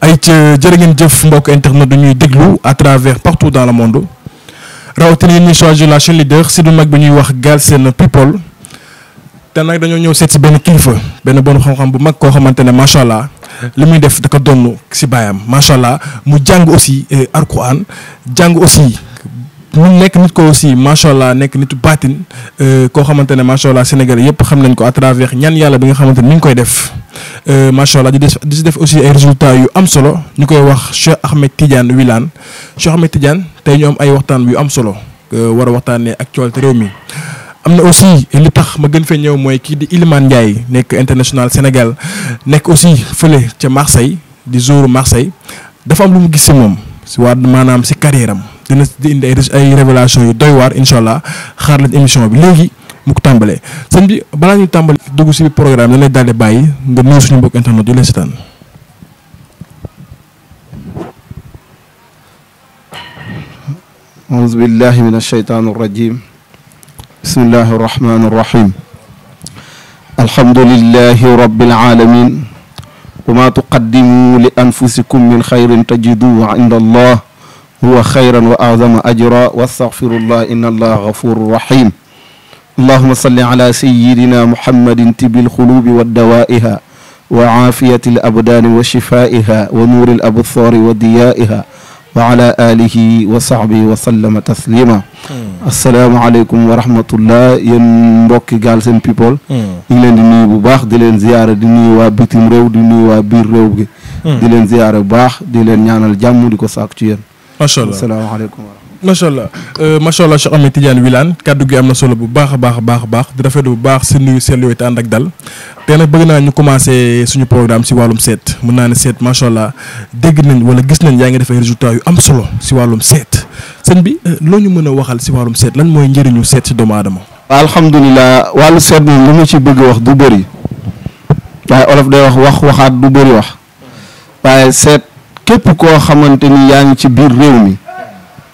ay ca jërë ngeen jëf mbokk internet ñuy déglu à travers partout dans le monde rawatina yéen ñuy choisir la chaîne leader si du mag bi ñuy wax Galsen People te nag dañoo ñëw seet si benn kilifa benn bon xam-xam bu mag koo xamante ne macha allah li muy def da ko donn si baayam macha allah mu jàng aussi eh, Alxuraan jàng aussi mu nekk nit ko aussi macha allah nekk nitu baatin eh, koo xamante ne macha allah Sénégal yëpp xam nañ ko à travers ñaan yàlla bi nga xamante ne mi ngi koy def. Euh, macha allah di def di def aussi ay résultats yu am solo ñu koy wax Cheikh Ahmed Tidiane Wilane Cheikh Ahmed Tidiane tey ñu am ay waxtaan yu am solo war a waxtaanee actualité réew mi. am na aussi li tax ma gën fee ñëw mooy kii di Ilimane Ndiaye nekk international Sénégal nekk aussi fële ca Marseille di joueur Marseille dafa am lu mu gis si moom si waa maanaam si carrière am dina di indi ay révélation yu doy waar incha allah xaar lañ émission bi léegi. mu sëñ bi balaa ñuy tàmbale dugg si programme lay daal bàyyi nga nuyu suñu mbokk internet yu lay أعوذ بالله من الشيطان الرجيم بسم الله الرحمن الرحيم الحمد لله رب العالمين وما تقدموا لأنفسكم من خير تجدوه عند الله هو خيرا وأعظم أجرا واستغفر الله إن الله غفور رحيم allahuma salli ala sayidina muhammadin tibil xulubi wa dawaiha wa caafiyati alabdaani wa shifaiha wa nuuri alabsaari wa diyaiha wa ala alihi wa sahbihi wa sallama taslima hmm. asalaamaaleykum wa rahmatullah yéen mbokki Galsen People hmm. ñu ngi leen di nuyu bu baax di leen ziyaara di nuyu waa bitim réew di nuyu waa biir réew gi hmm. di leen ziyaara bu baax di leen ñaanal jàmm di ko sàkk ci yéen macha allah asalaamaaleykum macha allah euh, macha allah Cheikh Ahmed Tidiane Wilane kaddu gi am na solo bu baax a baax a baax a baax di rafet bu baax si nuyu seetlu yooyu te ànd ak dal te nag bëgg naa ñu commencé suñu programme si wàllum seet mën naa ne seet macha allah dégg nañ wala gis nañ yaa ngi def ay résultats yu am solo si wàllum seet sëñ bi euh, loo ñu mën a waxal si wàllum seet lan mooy njëriñu seet si doomu aadama. alhamdulilah wàllu seet moom lu ma ci bëgg wax du bëri waaye olof day wax wax waxaat du bëri wax waaye seet képp koo xamante ni yaa ngi ci biir réew mi.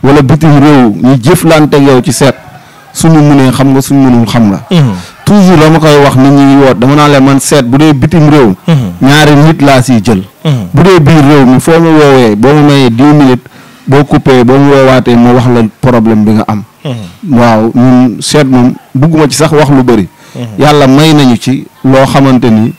wala bitim réew ñu jëflanteeg yow ci seet suñu mënee xam nga suñu mënul xam nga. Mhm. toujours la ma koy wax nit ñi woot dama naa leen man seet bu dee bitim réew. Mhm. ñaari nit laa siy jël. Mhm. bu dee biir réew mi foo ma woowee boo ma mayee dix boo coupé ba mu woowaatee ma wax la problème bi nga am. waaw ñun seet moom bugguma ci sax wax lu bëri. yàlla may nañu ci loo xamante ni.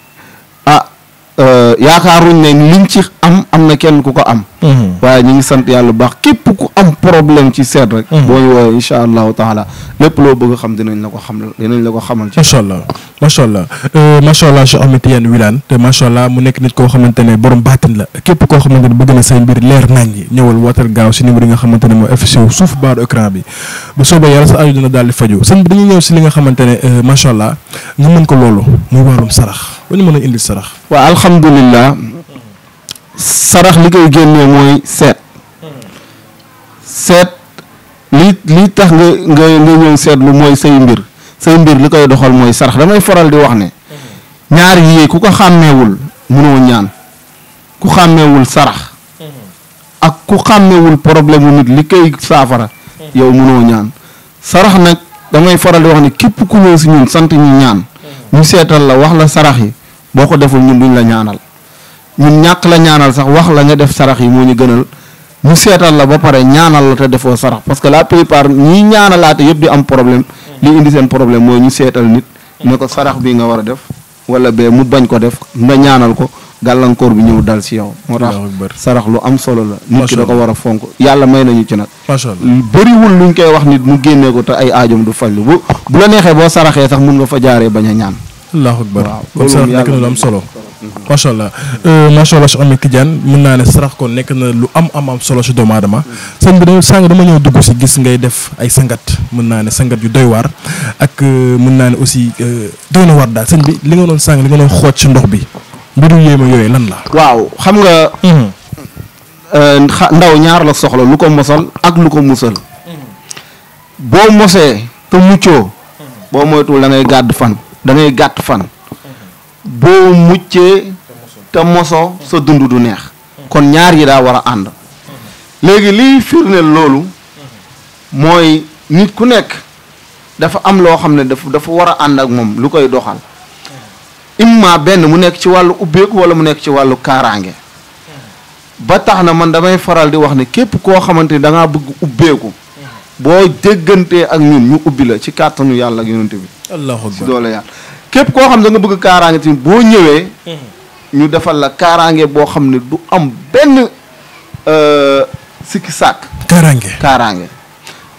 Euh, yaakaaruñ ne liñ ci am am na kenn ku ko am. Mhm. waaye ñu ngi sant yàlla bu baax képp ku am problème ci seet rek. Mhm. boo ñu woowee incha allahu taala lépp loo bëgg xam dinañ la ko xam dinañ la ko xamal. incha allah macha allah euh, macha allah Cheikh Ahmed Tidiane te macha allah mu nekk nit koo xamante ne borom baatin la képp koo xamante ne bëgg na say mbir leer nañ ñi ñëwal wootal gaaw si numéro yi nga xamante ne moo affiché wu suuf baaru bi bu soobee yàlla sa aju dina daal di faju sëñ bi dañuy ñëw si li nga xamante ne euh, macha allah nga mën ko loolu muy wàllum sarax ba ñu mën a indil sarax. waaw alhamdulilah sarax li koy génnee mooy seet seet li li tax nga nga nga ñëw seetlu mooy say mbir. say mbir li koy doxal mooy sarax damay faral di wax ne ñaar yii ku ko xàmmeewul mënoo ñaan ku xàmmewul sarax ak ku xàmmewul problème wu nit li koy saafara yow mënoo ñaan sarax nag damay faral di wax ne képp ku ñëw si ñun sant ñu ñaan ñu seetal la wax la sarax yi boo ko deful ñun duñ la ñaanal ñun ñàkk la ñaanal sax wax la nga def sarax yi moo ñu gënal ñu seetal la ba pare ñaanal la te defoo sarax parce que la plupart ñii ñaanalaate yëpp di am problème li indi seen problème mooy ñu seetal nit ne ko sarax bi nga war a def wala bee mu bañ ko def nga ñaanal ko gàllankoor bi ñëw dal si yow moo tax sarax lu am solo la nit ki da ko war a fonk yàlla may nañu ci nag bëriwul luñ koy wax nit mu génnee ko te ay aajom du fajlu lu bu la neexee boo saraxee sax mun nga fa jaaree bañ a ñaan allahu akbar waaw kon sarax nekk lu am solo macha allah euh, macha allah si Oumy Tidiane mën naa ne sarax kon nekk na lu am am am solo si doomu aadama sëñ bi de sàng dama ñëw dugg si gis ngay def ay sangat mën naa ne sangat yu doy waar ak euh, mun naa ne aussi euh, doy na waar daal sëñ bi li nga doon sàng li nga doon xooj si ndox bi mbiru yéema yooyu lan la. waaw xam nga. ndaw ñaar la soxla lu ko mosal ak lu ko musal. boo mosee te muccoo. boo moytuwul da ngay gàdd fan da gàtt fan. boo muccee te mosoo sa dund du neex kon ñaar yi daa war a ànd léegi liy firndeel loolu mooy nit ku nekk dafa am loo xam ne dafa dafa war a ànd ak moom lu koy doxal imma benn mu nekk ci wàllu ubbeeku walla mu nekk ci wàllu kaaraange ba tax na man damay faral di wax ne képp koo xamante ni danga bëgg ubbeeku boo déggantee ak ñun ñu ubbi la ci kàttanu yàlla ak bi allahu akbar si yàlla képp koo xam da nga bëgg kaaraange si boo ñëwee. Mhm. ñu defal la kaaraange boo xam ne du am benn euh, sikki sàkk. kaaraange kaaraange.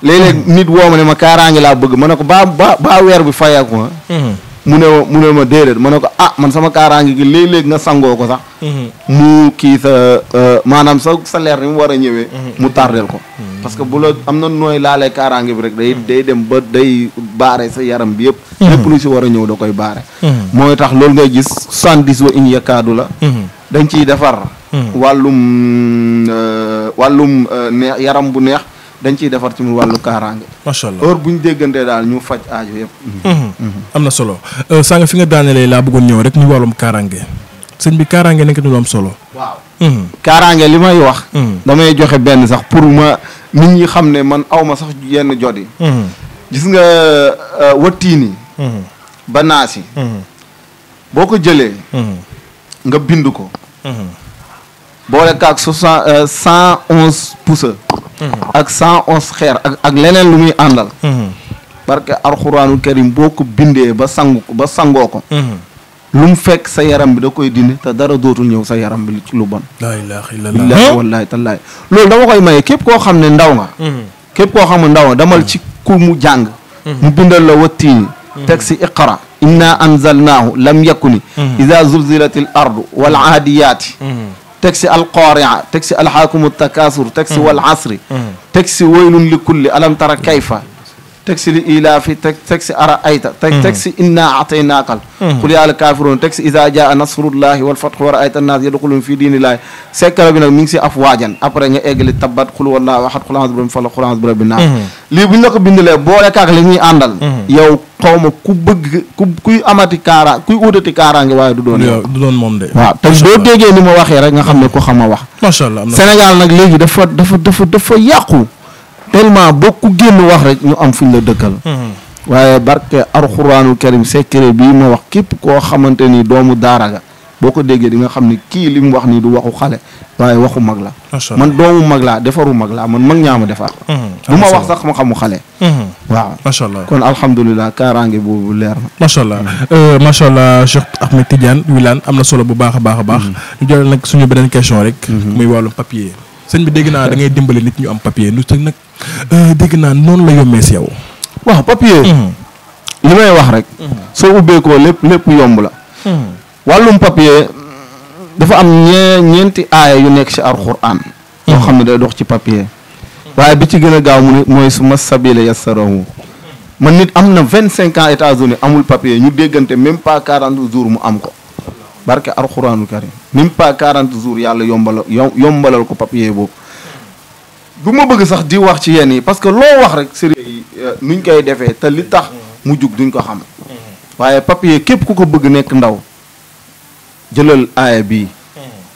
léeg-léeg mhm. nit woo ma ne ma kaaraange laa bëgg ma ne ko baa ba baa weer bi fayaku ma. Mhm. mu ne ma mu ma déedéet ma ne ko ah man sama kaaraange gi léeg-léeg nga sangoo ko sax. mu kii sa euh, maanaam sa salaire ni mu war a ñëwee. mu tardel ko. parce que bu la am na nooy laalee kaaraange bi rek day day dem ba day baare sa yaram bi yëpp mhm. lépp lu si war a ñëw da koy baare mhm. mooy tax loolu ngay gis soixante-dix wa in yakaadu la mhm. dañ ciy defar wàllum euh, wàllum euh, neex yaram bu neex dañ ciy defar ci wàllu kaaraange. macha allah heure bu ñu déggantee daal ñu faj aajo yëpp. am na solo euh, saa nga fi nga daanelee laa bëggoon ñëw rek ñu wàllum kaaraange. sëñ bi kaaraange nekk na am solo. waaw. Mhm. kaaraange li may wax. Mhm. damay joxe benn sax pour ma nit ñi xam ne man awma sax yenn jot yi. Mhm. gis nga euh, wattiini. ba naasi. boo ko jëlee. nga bind ko. boole ko ak soixante euh, cent onze pouce. ak cent onze xeer ak leneen lu muy àndal. parce que alxuraanul karim boo ko bindee ba sangu ba sangoo ko. lu mu fekk sa yaram bi da koy dindi te dara dootul ñëw sa yaram bi ci lu bon. laa ilaaha illallaah billaahi wallaahi tallaahi loolu dama koy maye képp koo xam ne ndaw nga. Mm-hmm. képp koo xam ne ndaw nga mu jàng. Mm-hmm. mu bindal la wattiini. Mm-hmm. teg si iqra. inna anzalnaahu lam yakuni. ida zulzilatil ardu wal aadiyaati. teg si alqaaria teg si alxaakumu takaasur teg si wal asri. teg si waylun li kulli alam tara kayfa. تكسي في تكسي أرأيت طيب تكسي إنا أعطينا قل قل يا الكافرون تكسي إذا جاء نصر الله والفتح ورأيت الناس يدخلون في دين الله سكر بنا من سي أفواجا أبرا نيا إجل تبات قل والله أحد قل أعوذ برب فلا قل أعوذ برب لي بنا كو بند الله بولا كاك أندل ني يو قوم كو بغ كوي أماتي كارا كوي أودتي كارا عن واي دو دون دو دون موم دي waaw te doo déggee ni ma waxee rek nga xam ne ko xam a wax. macha allah Sénégal nag tellement boo ku génn wax rek ñu am fuñ la dëkkal. Hmm. waaye barke alxuraanul karim secret bii ma wax képp koo xamante ni doomu daara ga boo ko déggee di nga xam ni kii li mu wax nii du waxu xale waaye waxu mag la. man doomu mag laa defaru mag laa man mag ñaama defar. bu hmm. ma wax sax ma xamu xale. Hmm. waaw macha allah kon alhamdulilah kaaraange boobu leer na. macha allah euh, macha allah Cheikh Ahmed Tidiane Wilane am na solo bu baax a baax a baax. ñu jël nag suñu beneen question rek. muy wàllu papier. sëñ bi dégg naa da ngay dimbali nit ñu am papier lu tëj nag euh, dégg naa noonu la yombee si yow. waaw papier. Mhm. li may wax rek. Mhm. soo ubbeekoo lépp lépp yomb la. Mhm. wàllum papier dafa am ñee ñeenti aaya yu nekk ci alxuraan. yoo xam ne day dox ci papier. waaye bi ci gën a gaaw mu ne mooy suma sabila yassarahu man nit am na vingt cinq ans États-Unis amul papier ñu béggante même pas quarante jours mu am ko. barke alxuraanu karim même pas 40 jours yàlla yombalal yombalal ko papier boobu bu ma bëgg sax di wax ci yenn yi parce que loo wax rek sérieux yi euh, nuñ koy defee te li tax mu jug duñ ko xam waaye papier képp ku ko bëgg nekk ndaw jëlal aaya bii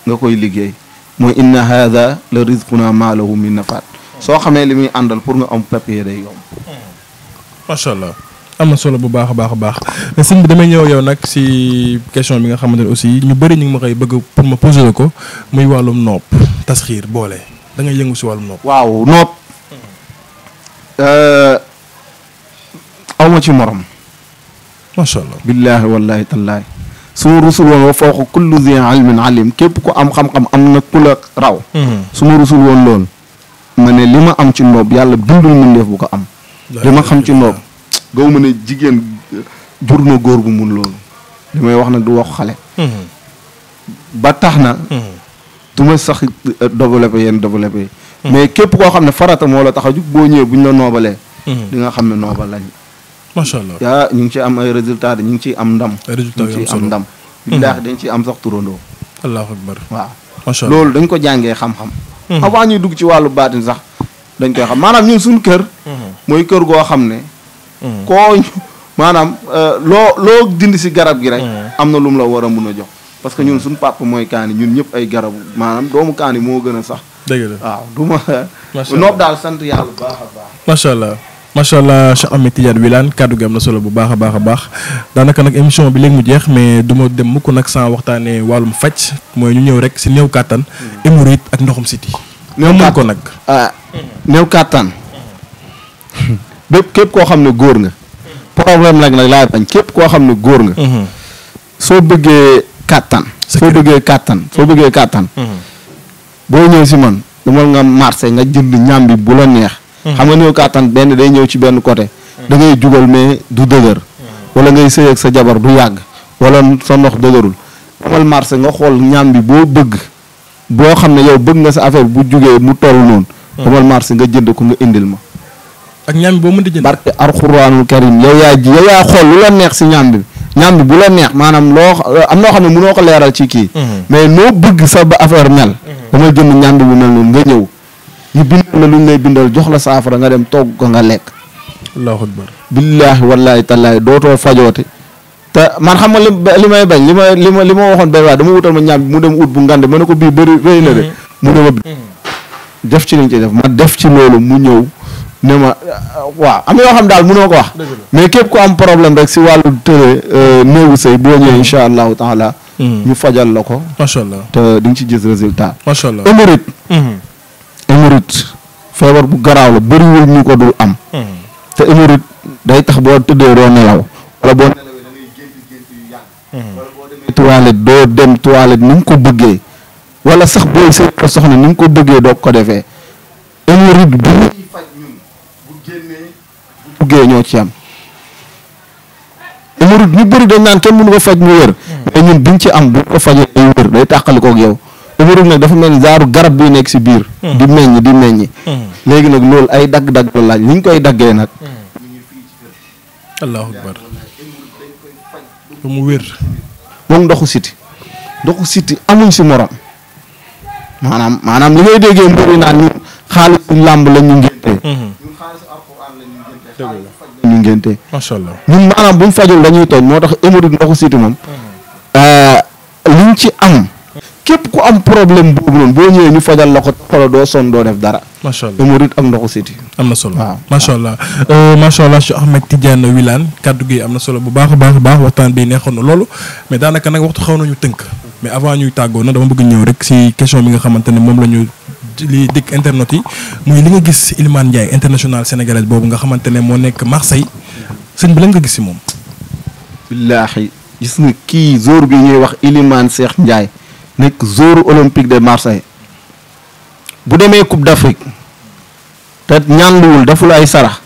nga koy liggéey mooy inna haada la rizquna ma lahu min nafaat soo xamee li muy àndal pour nga am papier day yomb am na solo bu baax a baax a baax sëñ bi damay ñëw yow nag si question bi nga xamante ne aussi ñu bëri ñu ngi ma koy bëgg pour ma poser la ko muy wàllum nopp tasxiir boole da ngay yëngu si wàllum nopp. waaw nopp euh, awma ci morom. macha allah. billaahi wallaahi tallaahi. suma rusul woon am xam am raw. Mhm. su ma rusul woon lool. ma ne li ma am ci noob yàlla bindul mu bu ko am. li ma xam ci noob. gaw ma ne jigéen jur na góor bu mun loolu li may wax nag du wax xale mhm. ba tax na mhm. du ma sax euh, développé yenn développé mhm. mais képp koo xam ne farata moo la tax a jug boo ñëwee bu ñu la noobalee di nga xam ne noobal lañ macha allah yaa ñu ngi am ay résultat de ñu ngi ciy am ndam ñu ngi ciy am dañ ciy am sax turandoo allahu akbar waaw macha allah loolu dañ ko jàngee xam-xam avant ñuy dugg ci wàllu baatin sax dañ koy xam maanaam ñun suñu kër mooy kër goo xam ne Mm. koo maanaam euh, loo loo dind si garab gi rek. Mm. am na lu mu la war a mun a jox. parce que ñun mm. suñu pàpp mooy kaani ñun ñëpp ay garabu maanaam doomu kaani moo gën a sax. dëgg la du ma. macha allah nopp daal sant yàlla bu baax a baax. macha allah macha kàddu gi am na solo bu baax a baax a baax daanaka nag émission bi léegi mu jeex mais du ma dem mukk nag saa waxtaanee wàllum faj mooy ñu ñëw rek si néew kàttan. hémorroïde ak ndoxum siti néew ko nag. Ah, néew kàttan. bépp képp ko xamné goor nga problème nag nag laay bañ képp koo xam ne góor nga mhm. soo bëggee kàttan soo bëggee kàttan soo bëggee kàttan bo ñëw ci man dama nga marché nga jënd ñam bi bu la neex mhm. xam nga ñëw katan ben day ñëw ci ben côté mhm. da ngay jugal mais du dëgër wala ngay sey ak sa jabar du yag wala sa nox dëgërul demal marché nga xol ñam bi bo bëgg bo xamné yow bëgg nga sa affaire bu jugee mu toll non demal marché nga jënd ko nga indil ma ak ñaam bi boo mën di jënd. barke alxuraanul karim yow yaa ji yow yaa xool lu la neex si ñaam bi ñaam bi bu la neex maanaam loo am noo xam ne mënoo ko leeral ci kii. Mhm. mais noo bëgg sa ba affaire mel. Mhm. jënd ñaam bi bu mel noonu nga ñëw. lay bindal jox la saafara nga dem togg ko nga lekk. allahu akbar. billaahi wallaahi tallaahi dootoo fajoote. te man xam nga li li may bañ li ma li ma li ma waxoon benn waay dama wutal ma ñaam bi mu dem ut bu ngande mën ne ko bii bëri bëri na de. Mhm. mu ne ma def ci liñ ci def ma def ci loolu mu ñëw ne ma waaw am yoo xam daal mënoo ko wax. mais képp ku am problème rek si wàll tëre euh, néewu sëy boo ñëwee mm. incha allahu taala. Mm. ñu fajal la ko. macha allah te di ci gis résultat. macha allah émérite. Mm-hmm. feebar bu garaaw la bëriwul ñu ko dul am. Mm-hmm. te émérite day tax boo tëddee doo nelaw. wala boo nelawee mm-hmm. toilette doo dem toilette ni ko bëggee. wala sax booy sëy ko soxna ni ko bëggee doo ko defee. bu génnee buggee ñoo ci am hémorroïde ñu bëri dañ naan kenn mënu ko faj mu wér hmm. mais ñun biñ ci am bu ko fajee day wér day tàqali kook yow hémorroïde nag dafa mel ni garab buy nekk ci biir hmm. di meññ di meññ hmm. léegi nag loolu ay dagg-dagg la laaj li ñu koy daggee nag allahu akbar ba mu wér moom ndoxu siti ndoxu siti amuñ si morom maanaam maanaam li ngay déggee mbëri naan ñun làmb la ngi Mm-hmm. ñun xaalisu alquran la ñuy ngénte xaalis faj la ñuy maanaam bu ñu fajul dañuy tooñ moo tax Eumeudi ndoxu siiti moom mm-hmm. euh, liñ ci am képp ku am problème boobu noonu boo ñëwee ñu fajal la ko tolo doo sonn doo def dara. macha allah murit ak ndoxu siti am na solo waaw macha allah euh, macha allah Cheikh Ahmed Tidiane Wilane kàddu gi am na solo bu baax a baax a baax waxtaan bi neexoon na loolu mais daanaka nag waxtu xaw nañu tënk mais avant ñuy tàggoo na dama bëgg ñëw rek si question bi nga xamante ne moom la ñu li dikk internet yi muy li nga gis si Ilimane Ndiaye international sénégalais boobu nga xamante ne moo nekk Marseille sëñ bi lan nga gis si moom. billaahi gis kii jour bi wax Ilimane Cheikh Ndiaye. nek jour olympique de Marseille bu démé coupe d'Afrique te ñànduwul deful ay sarax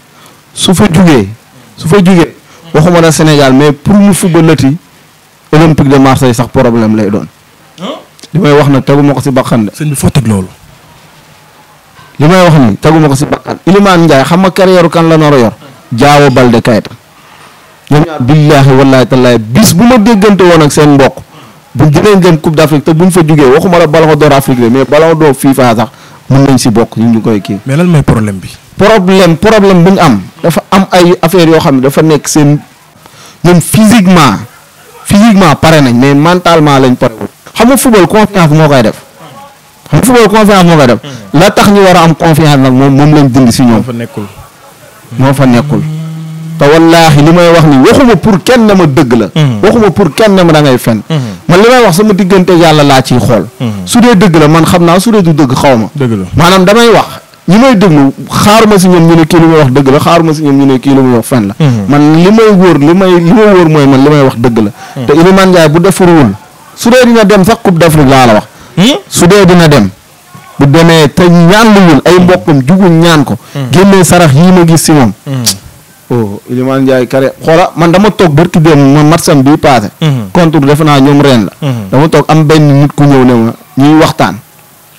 su fa juggé su fa juggé waxuma na Sénégal mais pour mu olympique de Marseille sax problème lay doon hein limay wax nag tagu mako ci bakkan de sëñ bi foo teg loolu wax ni tagu mako ci bakkan Iliman ndjay xam carrière kan la nar yor jaawo Balde Kayta ñu ñaar billaahi wallaahi bis bu ma déggante won ak seen mbokk bu dinañ dem Coupe d' Afrique te buñ fa jugee waxuma la ballon d'or Afrique mais ballon d'or FIFA sax mën nañ si bokk ñu ngi koy kii. mais lan mooy problème bi. problème problème bu ñu am dafa am ay affaire yoo xam ne dafa nekk seen ñoom physiquement physiquement pare nañ mais mentalement lañ pare xam nga football confiance moo koy def xam nga football confiance moo koy def hmm. la tax ñu war a am confiance nag moom moom lañ dindi si ñoom. fa nekkul moo fa nekkul. te wallaahi li may wax ni waxuma pour kenn ne ma dëgg la mhm. waxuma pour kenn ne ma da ngay fen mhm. man li may wax sama diggante yàlla laa ciy xool mhm. su dee dëgg la man xam naa su dee du dëgg xaw ma maanaam damay wax ñi may déglu xaaruma si ñoom ñu ne kii li may wax dëgg la xaaruma si ñoom ñu ne kii li may wax fen la man li may wóor li may li mooy man li may wax dëgg la te man Ndiaye bu defaruwul su dee dina dem sax coupe d'Afrique laa la wax hmm? su dee dina dem bu demee te ñaan luwul ay hmm. mbokkam jugu ñaan ko hmm. génnee sarax yii ma si moom oh Iliman Ndiaye carré xoola man dama toog barki dem ma matsam bi passé mhm. contre defe naa ñoom reen la mhm. dama toog am benn nit ku ñëw ne ma ñuy waxtaan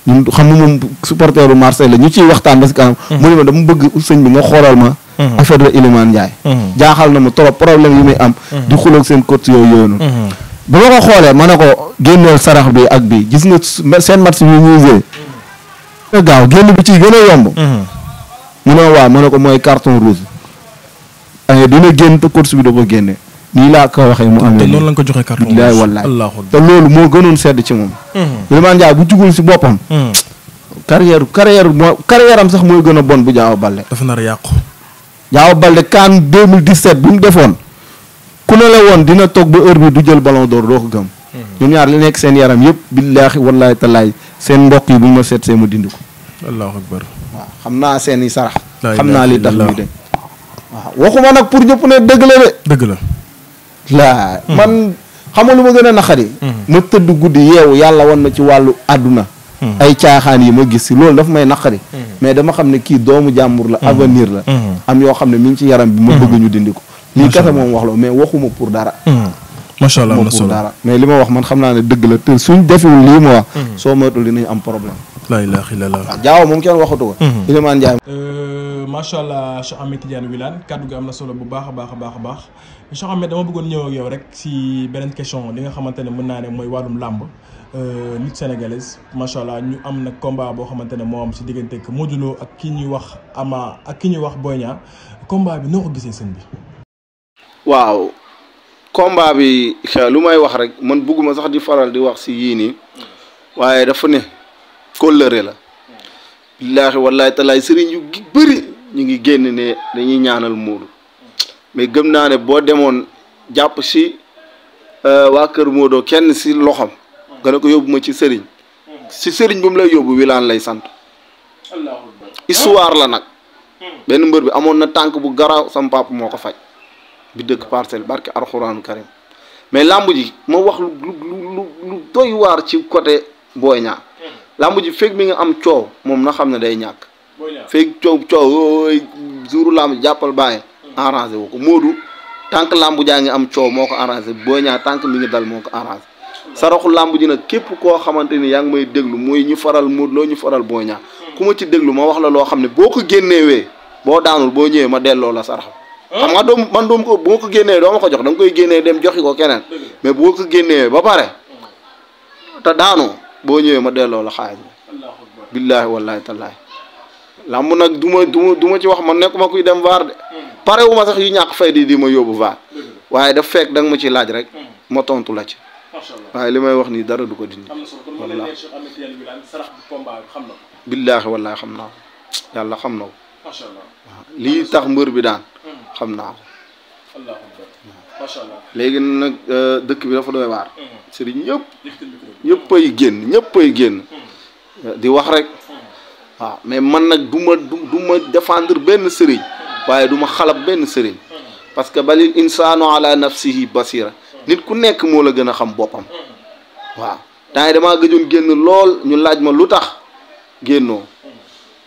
ñun xam moom supporteru Marseille la ñu ciy waxtaan ba si kanam mhm. mu ne ma dama bëgg sëñ bi nga xoolal ma affaire la Iliman Ndiaye jaaxal na ma trop problème yi muy am di xuloog seen côté yooyu yooyu noonu ba ma ko xoolee ma ne ko génneel sarax bi ak bi gis nga seen match bi ñuy joué gaaw génn bi ci gën a yomb mu ne waaw ma ne ko mooy carton année eh, dina génn te course bi da ko génne nii laa ko waxee mu amee. te noonu la nga ko joxee carton bilaay wallaay te loolu moo gënoon sedd ci moom. Mhm. Iliman Ndiaye bu jugul si boppam. Mhm. carrière carrière moo carrière sax mooy gën a bon bu Diao Baldé. dafa nar a yàqu. Diao Baldé CAN 2017 bu mu defoon ku ne la woon dina toog ba heure bi du jël ballon doo ko gëm. ñoom mhm. ñaar li nekk seen yaram yëpp billaahi wallaahi laay seen mbokk yi bu ma seet see ma dindi ko. allahu xam naa seen i sarax. xam naa li tax muy waaw waxuma nag pour ñëpp ne dëgg la de. dëgg la. laa hmm. man xam lu ma gën a naqari. Hmm. ma tëdd guddi yeewu yàlla wan ma ci wàllu àdduna. Hmm. ay caaxaan yi ma gis si loolu daf may naqari. mais dama xam ne kii doomu jàmbur la avenir la. am yoo xam ne mi ngi ci yaram bi. ma bëgg ñu dindi ko. lii kese moom wax la mais waxuma pour dara. macha allah am na dara mais li ma wax man xam naa ne dëgg la te suñ defewul lii ma wax. soo moytuwul dinañ am problème. la ilaha illallah. waaw jaaw macha allah Cheikh Ahmed Tidiane Wilane kàddu gi am na solo bu baax a baax a baax a baax Cheikh dama bëggoon ñëw yow rek si beneen question li nga xamante ne mën naa ne mooy wàllum làmb lutte euh, sénégalaise macha allah ñu am na combat boo xamante ne moo am si diggante ak Modou ak ki ñuy wax amaa ak ki ñuy wax Boy Niang combat bi noo ko gisee sëñ bi. waaw komba bi lu may wax rek man bëgguma sax di faral di wax si yii nii waaye dafa ne kóllëre la. billaahi ñu ngi génn ne dañuy ñaanal Moodu mais gëm naa ne boo demoon jàpp si euh, waa kër Moodu kenn si loxoom nga ne ko yóbbu ma ci sëriñ si sëriñ bu mu lay yóbbu Wilane lay sant histoire la nag hmm. benn mbër bi amoon na tànk bu garaaw sam papa moo ko faj bi dëkk parcelle barke alxuraanu karim mais làmb ji ma wax lu lu lu doy waar ci côté Boy Niang hmm. làmb ji fekk mi nga am coow moom na xam ne day ñàkk feeg coow coow jour lamb jàppal bàyyi arrangé wu ko Modou tànk lamb jaa ngi am coow moo ko arrangé boo Niang tànk mi ngi dal moo ko arrangé saraxu làmb ji na képp koo xamante ni yaa ngi may déglu mooy ñu faral Modou loo ñu faral boo Niang ku ma ci déglu ma wax la loo xam ne boo ko génnewee boo daanul boo ñëwee ma delloo la sarax xam nga doom man doom ko bu ma ko génnee doo ma ko jox danga koy génnee dem joxi ko keneen mais boo ko génnee ba pare te daanu boo ñëwee ma delloo la xaalis bi billaahi wallaahi làmb nag du ma du ma ci wax man nekkuma kuy dem vaar de hmm. pare wu ma sax yu ñàkk fay di di ma yóbbu vaar waaye daf fekk da nga ma ci laaj rek hmm. ma tontu la ci waaye li may wax nii dara du ko dindi billaahi wallaahi xam naa ko yàlla xam na ko lii tax mbër bi daan hmm. xam naa ko léegi nag euh, dëkk bi dafa doy waar sëriñ ñëpp ñëpp ay génn ñëpp ay génn euh, di wax rek waaw mais man nag du ma du ma défendre benn sëriñ waaye du ma xalab benn sëriñ parce que balil insaanu ala nafsihi basira nit ku nekk moo la gën a xam boppam waaw temps dama damaa génn lool ñu laaj ma lu tax génnoo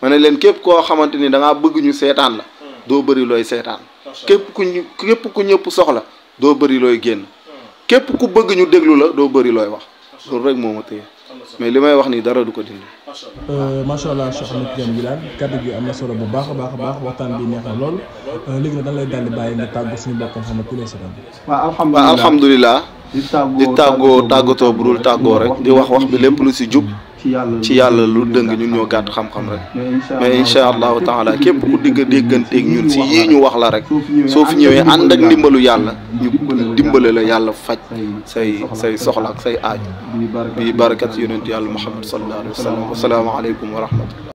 ma ne leen képp koo xamante ni da ngaa bëgg ñu seetaan la doo bëri looy seetaan képp ku ñu képp ku ñëpp soxla doo bëri looy génn képp ku bëgg ñu déglu la doo bëri looy wax loolu rek moo ma téye mais limay wax ni dara du ko dindi. ma sha allah Cheikh Ahmed diam bilal kaddu gi amna solo bu baakha baakha baax waxtan bi waxtaan lol neex na lool léegi nag dañ lay daal di bàyyi nga tagu suñu bokkam xamna ne ku lay seetaan. waaw alhamdulilah di tàggoo tàggatoo bu dul tàggoo rek di wax wax bi lépp lu si jub ci yàlla lu dëng ñun ñoo gàtt xam-xam rek mais incha allahu taala képp ku digg dégganteeg ñun si yii ñu wax la rek soo fi ñëwee ànd ak ndimbalu yàlla ñu dimbale la yàlla faj say say soxla ak say aaj bi barakat yonent yàlla muhammad sallallahu alayhi wa sallam asalaamaaleykum wa rahmatullah